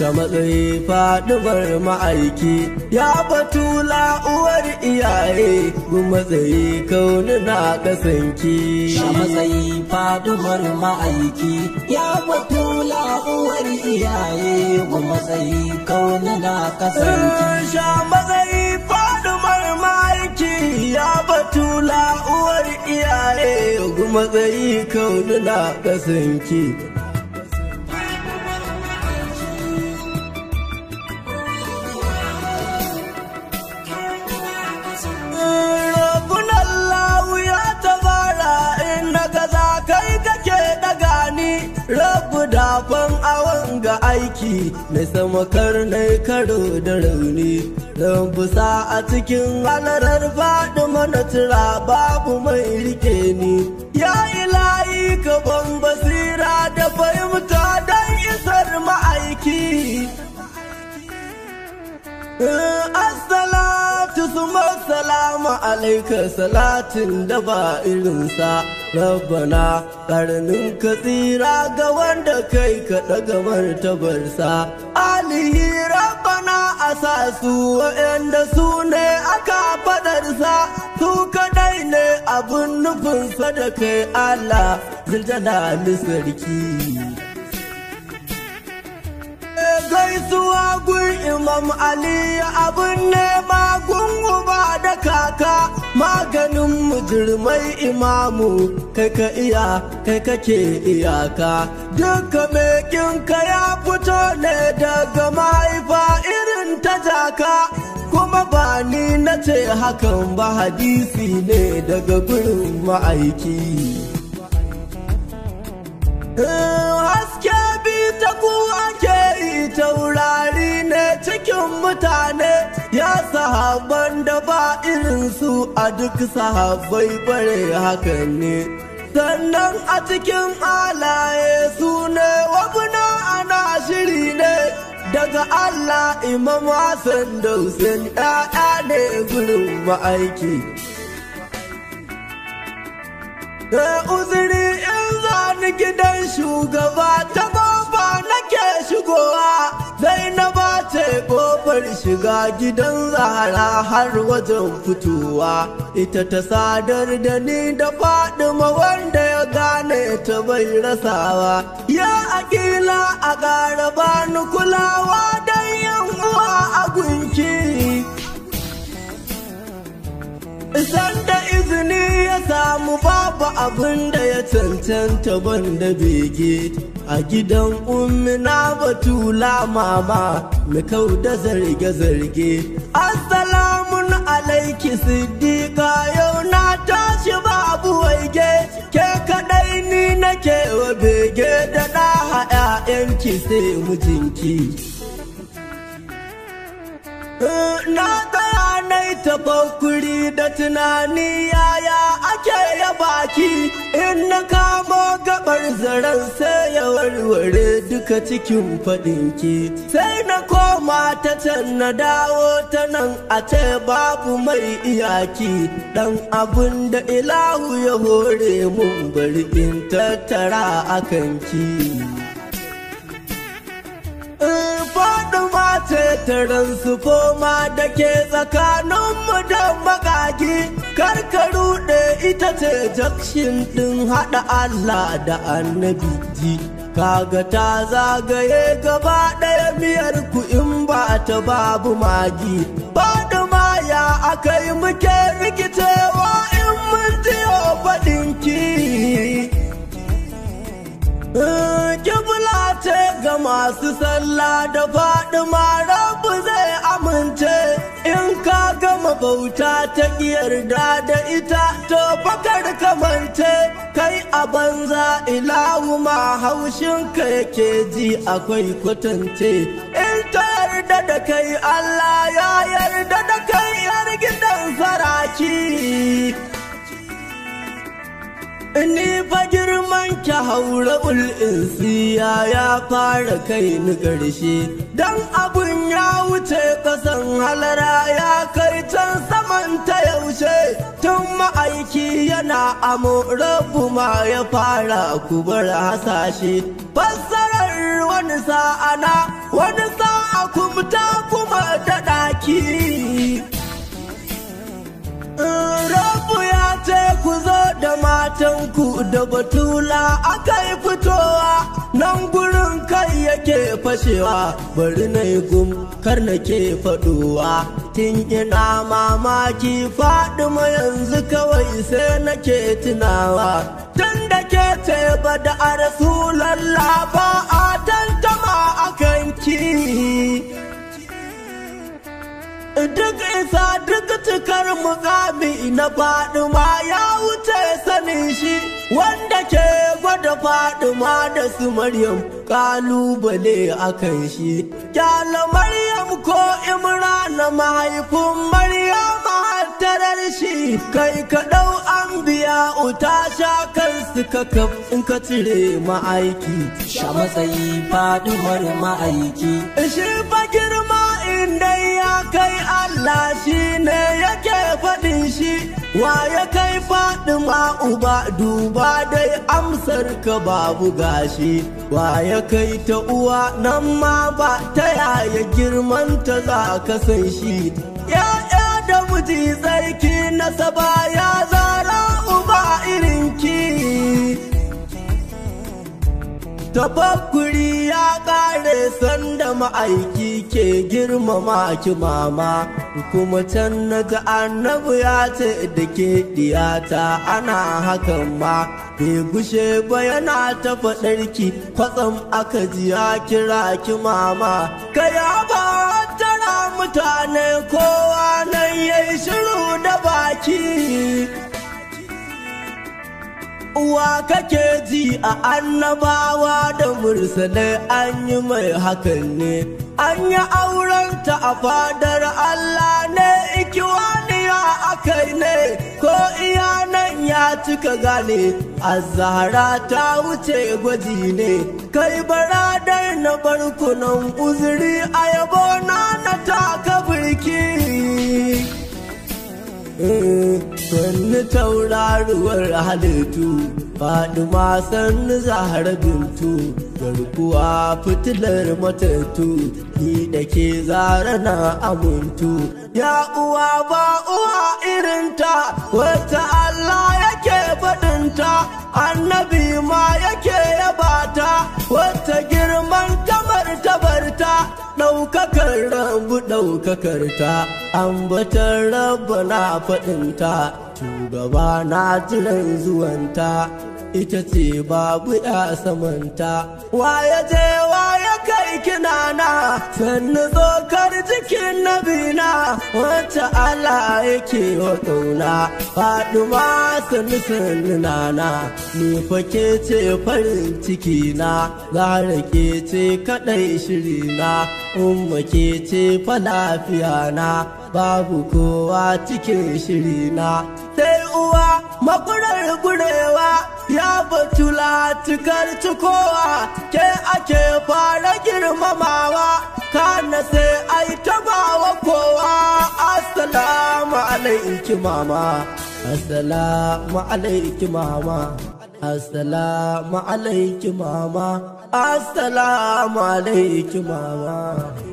ta matsayi faɗuwar ma'aiki ya batula lauwar iyaye gun matsayi kauni na kasanki ta matsayi faɗuwar ma'aiki ya batula lauwar iyaye gun matsayi kauni na kasanki sha matsayi faɗuwar ma'aiki ya batula lauwar iyaye gun matsayi kauni na kasanki ga aiki mai samakar na karo da rauni don busa a cikin halarar faɗi mana tura babu mai rike ni ya ilahi ka ban basira da fahimta don isar ma'aiki Assalatu suma salamu alaika salatin da ba sa, Rabbana karnin ka tsira ga wanda kai ka daga martabarsa Alihi Rabbana a sa su wa'anda su ne aka fadarsa su kadai ne abin nufinsa da kai Allah ziljala sarki. zuwa gun imam ali abin nema gun uba da kaka maganin mujirmai imamu kai ka iya kai kake iyaka duka mekinka ya fito ne daga mahaifa irin ta jaka kuma ba ni na ce hakan ba hadisi ne daga gurin ma'aiki eh, taurari ne cikin mutane ya sahaban da ba irinsu a duk sahabai bare hakan ne sannan a cikin alaye su ne wabuna ana shiri ne daga Allah imam Hassan da Hussein ɗaya ne gurin ma'aiki da uzuri in zani gidan shugaba ta ba shigowa zainaba ta kofar shiga gidan zahara har wajen fitowa ita ta sadar da ni da faɗuma wanda ya gane ta bai rasawa ya akila a gara ni kulawa don yan uwa a gunki sanda izini ya samu babu abin da ya cancanta banda da bege a gidan umina batula mama mu kau da zarge-zarge assalamun alaiki siddiqa yau na tashi babu waige ke kadai ni nake wa bege da na yanki sai mijinki na tsaya na ita da tunani yaya ake ya baki in na kama bar sai ya warware duka cikin faɗinki sai na koma ta can na dawo ta nan a ce babu mai iyaki Ɗan abun da ilahu ya hore mun bari in tattara akan ki ce taransifoma da ke tsakaninmu da magagi karkaru da ita ce jakshin ɗin haɗa Allah da annabi ji kaga ta zagaye gaba ɗaya miyar ku in ba ta babu magi ba da maya aka yi muke rikicewa in mun jiyo faɗinki Kibla ce ga masu sallah da faɗi rabu zai amince in ka gama bauta ta yarda da ita to bakar kamance kai a banza ilahu ma ka yake ji akwai kwatance in ta yarda da kai Allah ta haura insiya ya fara kai ni ƙarshe don abun ya wuce ƙasan halara ya kai can saman ta yaushe tun ma'aiki yana amo rabu ma ya fara kubar hasashe fassarar wani sa'ana wani sa'a kumta kuma da ɗaki. ku da batula akai fitowa nan gurin kai yake fashewa bari na yi gum kar na ke faduwa tun ina mamaki ma yanzu kawai sai nake tunawa tun da ke ce ba da a rasulallah ba a tantama akan ki duk isa duk cikar mukami na ma ya wuce sanin shi wanda ke gwada ma da su maryam kalubale a kan shi kyala maryam ko imrana mahaifin maryam tarar shi kai ka ɗau an biya uta sha kansu ka kaf in ka cire ma'aiki sha matsayi faɗuwar ma'aiki shi fa girma in dai ya kai Allah shi ne yake faɗin shi wa ya kai faɗin uba duba dai amsar ka babu gashi wa ya kai ta uwa nan ma ba ta yaya girmanta za ka san shi ya'ya da muji tsarki nasaba ya zara uba irinki Tafakkuri ya ƙare sanda ma'aiki ke girmama ki mama, kuma can na ga annabu ya ce da ke diyata ana hakan ma. Bai gushe ba yana ta faɗarki kwatsam aka ji ya kira ki mama. Ka ya tara mutane kowa nan ya shiru da baki. uwa kake ji a annabawa da mursalai an yi mai hakan ne an yi aurenta a fadar Allah ne ikiwaniya akai ne ko iyanan ya cika gane a azahara ta wuce gwaji ne kai baradar na barkunan uzuri a yabo na na taka birki eh. sannu tauraruwar halittu faɗi sannu zahara bintu garkuwa fitilar matattu ni da ke zara na amintu ya uwa ba uwa irinta wata Allah yake faɗinta annabi ma yake yabata ɗaukakar rabu ɗaukakar ta ambatar rabba na faɗinta shugaba na jiran zuwanta ita ce babu ya samanta waye je waye kai kinana sannu zo wacce Allah yake wa ƙauna ma sani sani nana ni fake ce farin ciki na zara ke ce kaɗai shiri na umma ke ce fa na babu kowa cikin shiri na sai uwa makurar gurewa ya batula tukar cikowa ke ake fara girmamawa kana sai ai tabawa kowa assalamu alaiki mama assalamu alaiki mama assalamu alaiki mama assalamu alaiki mama